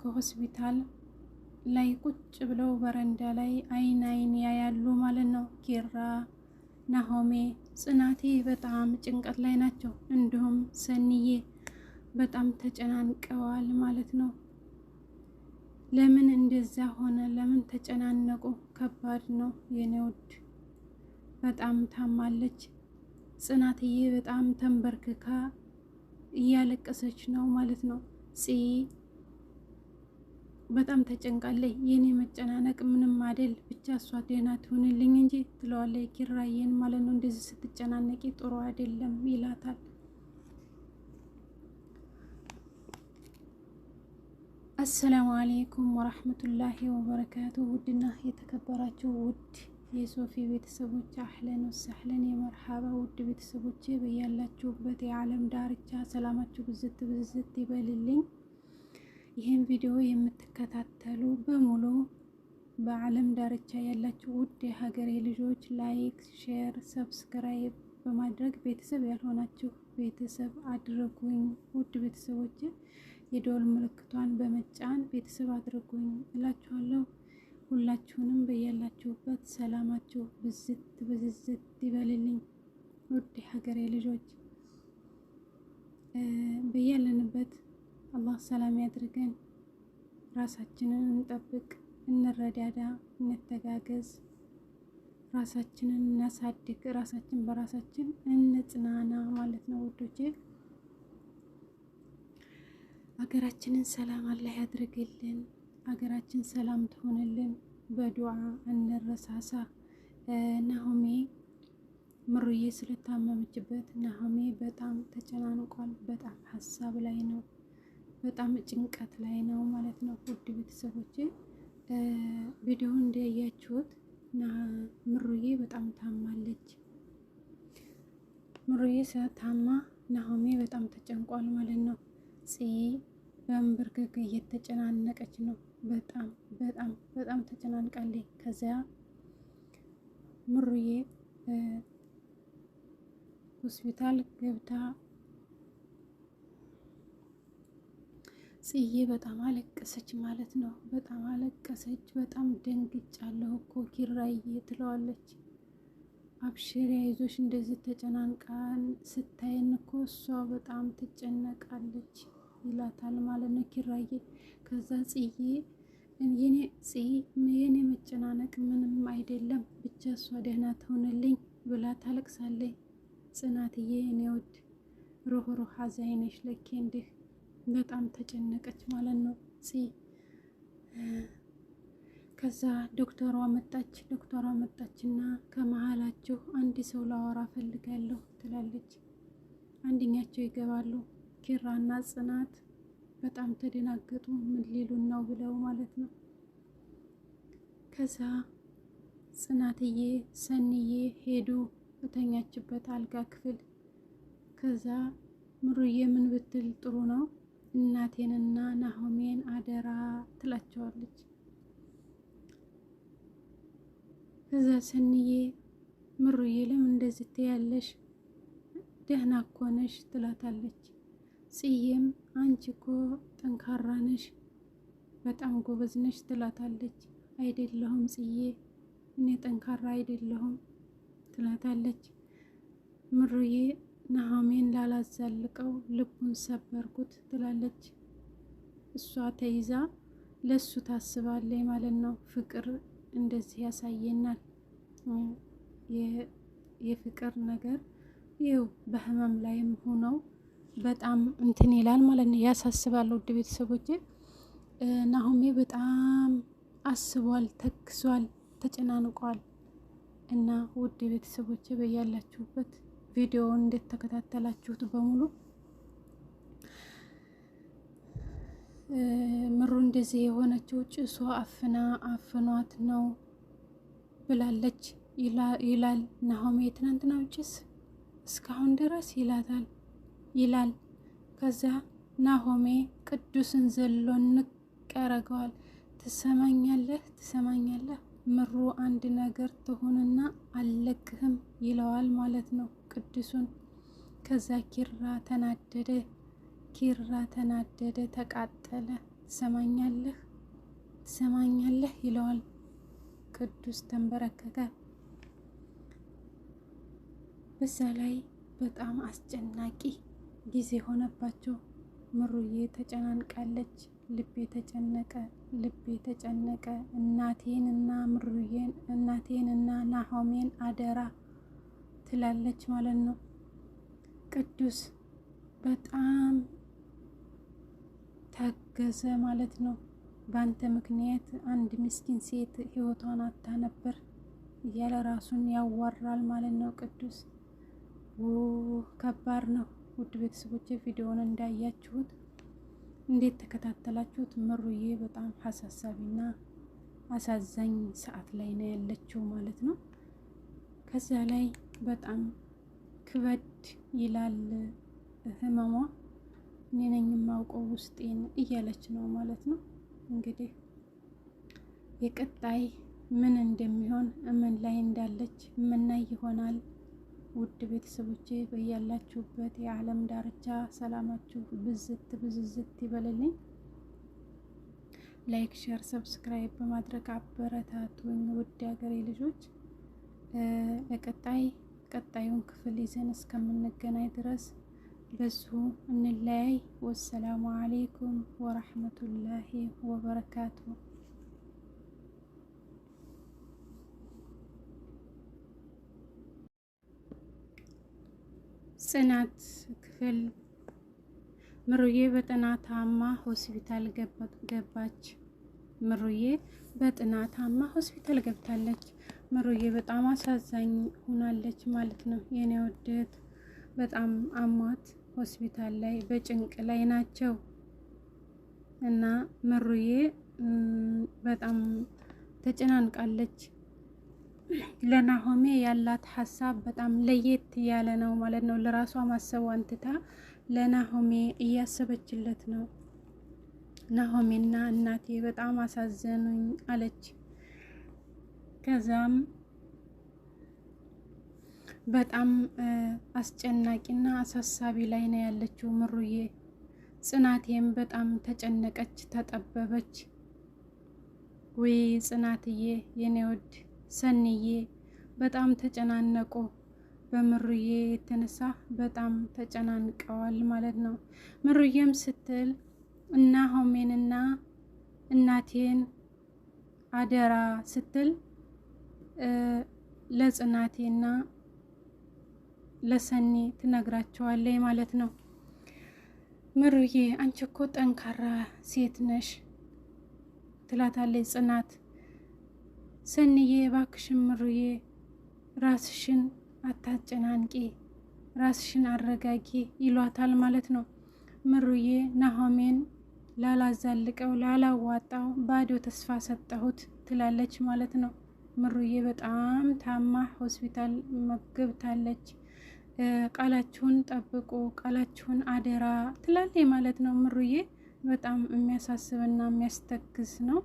ከሆስፒታል ላይ ቁጭ ብለው በረንዳ ላይ አይን አይን ያያሉ ማለት ነው። ኪራ፣ ናሆሜ፣ ጽናቴ በጣም ጭንቀት ላይ ናቸው። እንዲሁም ሰንዬ በጣም ተጨናንቀዋል ማለት ነው። ለምን እንደዛ ሆነ? ለምን ተጨናነቁ? ከባድ ነው የኔ ውድ። በጣም ታማለች ጽናትዬ። በጣም ተንበርክካ እያለቀሰች ነው ማለት ነው። በጣም ተጨንቃለች። የኔ መጨናነቅ ምንም አይደል፣ ብቻ እሷ ደህና ትሆንልኝ እንጂ ትለዋለች። ኪራዬን ማለት ነው እንደዚህ ስትጨናነቂ ጥሩ አይደለም ይላታል። አሰላሙ አሌይኩም ወረህመቱላሂ ወበረካቱ። ውድና የተከበራችሁ ውድ የሶፊ ቤተሰቦች አህለን ወሰህለን የመርሃባ ውድ ቤተሰቦች በያላችሁበት የዓለም ዳርቻ ሰላማችሁ ብዝት ብዝት ይበልልኝ። ይህን ቪዲዮ የምትከታተሉ በሙሉ በዓለም ዳርቻ ያላችሁ ውድ የሀገሬ ልጆች ላይክ፣ ሼር፣ ሰብስክራይብ በማድረግ ቤተሰብ ያልሆናችሁ ቤተሰብ አድርጉኝ። ውድ ቤተሰቦች የደወል ምልክቷን በመጫን ቤተሰብ አድርጉኝ እላችኋለሁ። ሁላችሁንም በያላችሁበት ሰላማችሁ ብዝት ብዝዝት ይበልልኝ። ውድ የሀገሬ ልጆች በያለንበት አላህ ሰላም ያድርገን። ራሳችንን እንጠብቅ፣ እንረዳዳ፣ እንተጋገዝ፣ ራሳችንን እናሳድግ፣ ራሳችን በራሳችን እንጽናና ማለት ነው ውዶቼ። ሀገራችንን ሰላም አላህ ያድርግልን። ሀገራችን ሰላም ትሆንልን። በዱዓ እንረሳሳ። ናሆሜ ምሩዬ ስለታመመችበት ናሆሜ በጣም ተጨናንቋል። በጣም ሀሳብ ላይ ነው። በጣም ጭንቀት ላይ ነው ማለት ነው። ውድ ቤተሰቦች ቪዲዮ እንደያያችሁት እና ምሩዬ በጣም ታማለች። ምሩዬ ስለታማ ናሆሜ በጣም ተጨንቋል ማለት ነው። ጽዬ በንብርግግ እየተጨናነቀች ነው። በጣም በጣም በጣም ተጨናንቃለች። ከዚያ ምሩዬ ሆስፒታል ገብታ ጽዬ በጣም አለቀሰች ማለት ነው። በጣም አለቀሰች። በጣም ደንግጫለሁ እኮ ኪራዬ ትለዋለች። አብሽር ያይዞሽ እንደዚህ ተጨናንቃን ስታይን እኮ እሷ በጣም ትጨነቃለች ይላታል ማለት ነው ኪራዬ። ከዛ ጽዬ የኔ የኔ መጨናነቅ ምንም አይደለም ብቻ እሷ ደህና ትሆንልኝ ብላ ታለቅሳለች። ጽናትዬ እኔ ውድ ሩህሩህ አዛኝ ነሽ ለኬ እንዲህ በጣም ተጨነቀች ማለት ነው ፂ ከዛ ዶክተሯ መጣች። ዶክተሯ እና ከመሀላችሁ አንድ ሰው ላወራ ፈልጋለሁ ትላለች። አንደኛቸው ይገባሉ። ኪራ እና ጽናት በጣም ተደናገጡ። ምን ሊሉን ነው ብለው ማለት ነው። ከዛ ጽናትዬ ሰንዬ ሄዱ በተኛችበት አልጋ ክፍል። ከዛ ምሩዬ ምን ብትል ጥሩ ነው እናቴንና ናሆሜን አደራ ትላቸዋለች። እዛ ስንዬ ምሩዬ ለምን እንደዚህ ትያለሽ? ደህና እኮ ነሽ ትላታለች። ጽዬም አንቺ እኮ ጠንካራ ነሽ፣ በጣም ጎበዝ ነሽ ትላታለች። አይደለሁም ጽዬ፣ እኔ ጠንካራ አይደለሁም ትላታለች ምሩዬ ኑሃሚን ላላዘልቀው ልቡን ሰበርኩት ትላለች። እሷ ተይዛ ለሱ ታስባለች ማለት ነው። ፍቅር እንደዚህ ያሳየናል። የፍቅር ነገር ይኸው በህመም ላይም ሆነው በጣም እንትን ይላል ማለት ነው። ያሳስባል። ውድ ቤተሰቦች ናሆሜ በጣም አስቧል፣ ተክሷል፣ ተጨናንቋል እና ውድ ቤተሰቦቼ በያላችሁበት ቪዲዮውን እንደተከታተላችሁት በሙሉ ምሩ እንደዚህ የሆነችው ጭሷ አፍና አፍኗት ነው ብላለች ይላል ናሆሜ። ትናንትናው ጭስ እስካሁን ድረስ ይላታል ይላል። ከዚያ ናሆሜ ቅዱስን ዘሎ ንቅ ያረገዋል። ትሰማኛለህ ትሰማኛለህ ምሩ አንድ ነገር ትሆንና አለቅህም ይለዋል ማለት ነው። ቅዱሱን። ከዛ ኪራ ተናደደ። ኪራ ተናደደ፣ ተቃጠለ። ትሰማኛለህ ትሰማኛለህ ይለዋል። ቅዱስ ተንበረከከ። በዛ ላይ በጣም አስጨናቂ ጊዜ ሆነባቸው። ምሩዬ ተጨናንቃለች። ልቤ ተጨነቀ፣ ልቤ ተጨነቀ። እናቴን እና ምሩዬን እናቴን እና ናሆሜን አደራ ትላለች ማለት ነው። ቅዱስ በጣም ታገዘ ማለት ነው። በአንተ ምክንያት አንድ ምስኪን ሴት ህይወቷን አታ ነበር እያለ ራሱን ያዋራል ማለት ነው። ቅዱስ ከባድ ነው። ውድ ቤተሰቦች ቪዲዮውን እንዳያችሁት እንዴት ተከታተላችሁት? ምሩዬ በጣም አሳሳቢና አሳዛኝ ሰዓት ላይ ነው ያለችው ማለት ነው። ከዛ ላይ በጣም ክበድ ይላል ህመሟ። እኔ ነኝ የማውቀው ውስጤን እያለች ነው ማለት ነው። እንግዲህ የቀጣይ ምን እንደሚሆን እምን ላይ እንዳለች የምናይ ይሆናል። ውድ ቤተሰቦቼ በያላችሁበት የዓለም ዳርቻ ሰላማችሁ ብዝት ብዝዝት ይበልልኝ። ላይክ፣ ሸር ሰብስክራይብ በማድረግ አበረታቱኝ ውድ ሀገሬ ልጆች ለቀጣይ ቀጣዩን ክፍል ይዘን እስከምንገናኝ ድረስ በሱ እንለያይ። ወሰላሙ አሌይኩም ወራህመቱላሂ ወበረካቱ። ጽናት ክፍል ምሩዬ በጥናታማ ታማ ሆስፒታል ገባች። ምሩዬ በጥናታማ ታማ ሆስፒታል ገብታለች። ምሩዬ በጣም አሳዛኝ ሆናለች ማለት ነው። የኔ ውድት በጣም አሟት ሆስፒታል ላይ በጭንቅ ላይ ናቸው እና ምሩዬ በጣም ተጨናንቃለች። ለናሆሜ ያላት ሀሳብ በጣም ለየት ያለ ነው ማለት ነው። ለራሷ ማሰቧን ትታ ለናሆሜ እያሰበችለት ነው። ናሆሜና እናቴ በጣም አሳዘኑኝ አለች። ከዛም በጣም አስጨናቂና አሳሳቢ ላይ ነው ያለችው ምሩዬ። ጽናቴም በጣም ተጨነቀች፣ ተጠበበች። ውይ ጽናትዬ፣ የኔ ውድ ሰንዬ በጣም ተጨናነቁ። በምሩዬ የተነሳ በጣም ተጨናንቀዋል ማለት ነው። ምሩዬም ስትል እና ሆሜንና እናቴን አደራ ስትል ለጽናቴና ለሰኒ ትነግራቸዋለች ማለት ነው። ምሩዬ አንቺ እኮ ጠንካራ ሴት ነሽ ትላታለች ጽናት። ሰኒዬ እባክሽን ምሩዬ ራስሽን አታጨናንቂ፣ ራስሽን አረጋጊ ይሏታል ማለት ነው። ምሩዬ ናሆሜን ላላዛልቀው ላላዋጣው ባዶ ተስፋ ሰጠሁት ትላለች ማለት ነው። ምሩዬ በጣም ታማ ሆስፒታል መገብታለች ቃላችሁን ጠብቁ፣ ቃላችሁን አደራ ትላለች ማለት ነው። ምሩዬ በጣም የሚያሳስብና የሚያስተክስ ነው።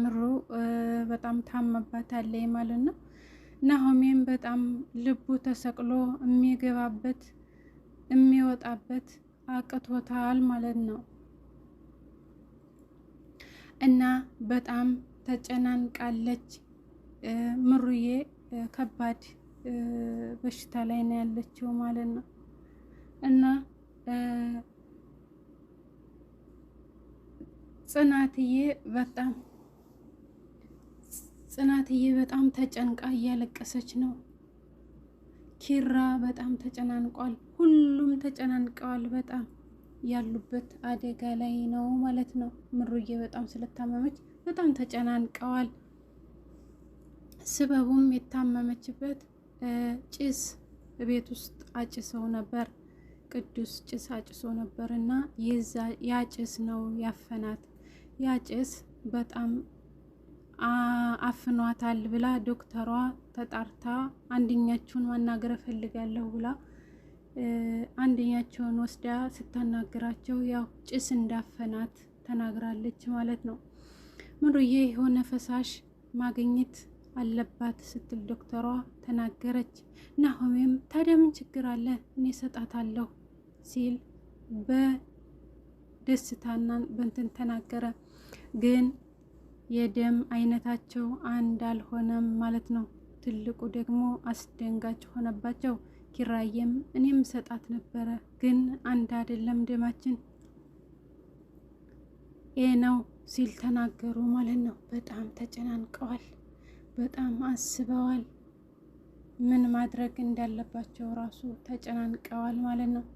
ምሩ በጣም ታመባታለች ማለት ነው። ናሆሜም በጣም ልቡ ተሰቅሎ የሚገባበት የሚወጣበት አቅቶታል ማለት ነው እና በጣም ተጨናንቃለች። ምሩዬ ከባድ በሽታ ላይ ነው ያለችው ማለት ነው እና ጽናትዬ በጣም ጽናትዬ በጣም ተጨንቃ እያለቀሰች ነው። ኪራ በጣም ተጨናንቋል። ሁሉም ተጨናንቀዋል። በጣም ያሉበት አደጋ ላይ ነው ማለት ነው። ምሩዬ በጣም ስለታመመች በጣም ተጨናንቀዋል። ስበቡም የታመመችበት ጭስ ቤት ውስጥ አጭሰው ነበር። ቅዱስ ጭስ አጭሶ ነበር እና ያ ጭስ ነው ያፈናት። ያ ጭስ በጣም አፍኗታል ብላ ዶክተሯ ተጣርታ አንደኛችሁን ማናገር እፈልጋለሁ ብላ አንደኛቸውን ወስዳ ስታናግራቸው ያው ጭስ እንዳፈናት ተናግራለች ማለት ነው። ምሩዬ የሆነ ፈሳሽ ማግኘት አለባት ስትል ዶክተሯ ተናገረች። ናሆሜም ታዲያ ምን ችግር አለ እኔ ሰጣታለሁ ሲል በደስታና በንትን ተናገረ። ግን የደም አይነታቸው አንድ አልሆነም ማለት ነው። ትልቁ ደግሞ አስደንጋጭ ሆነባቸው። ኪራየም እኔም ሰጣት ነበረ ግን አንድ አይደለም ደማችን ይሄ ነው ሲል ተናገሩ ማለት ነው። በጣም ተጨናንቀዋል፣ በጣም አስበዋል። ምን ማድረግ እንዳለባቸው ራሱ ተጨናንቀዋል ማለት ነው።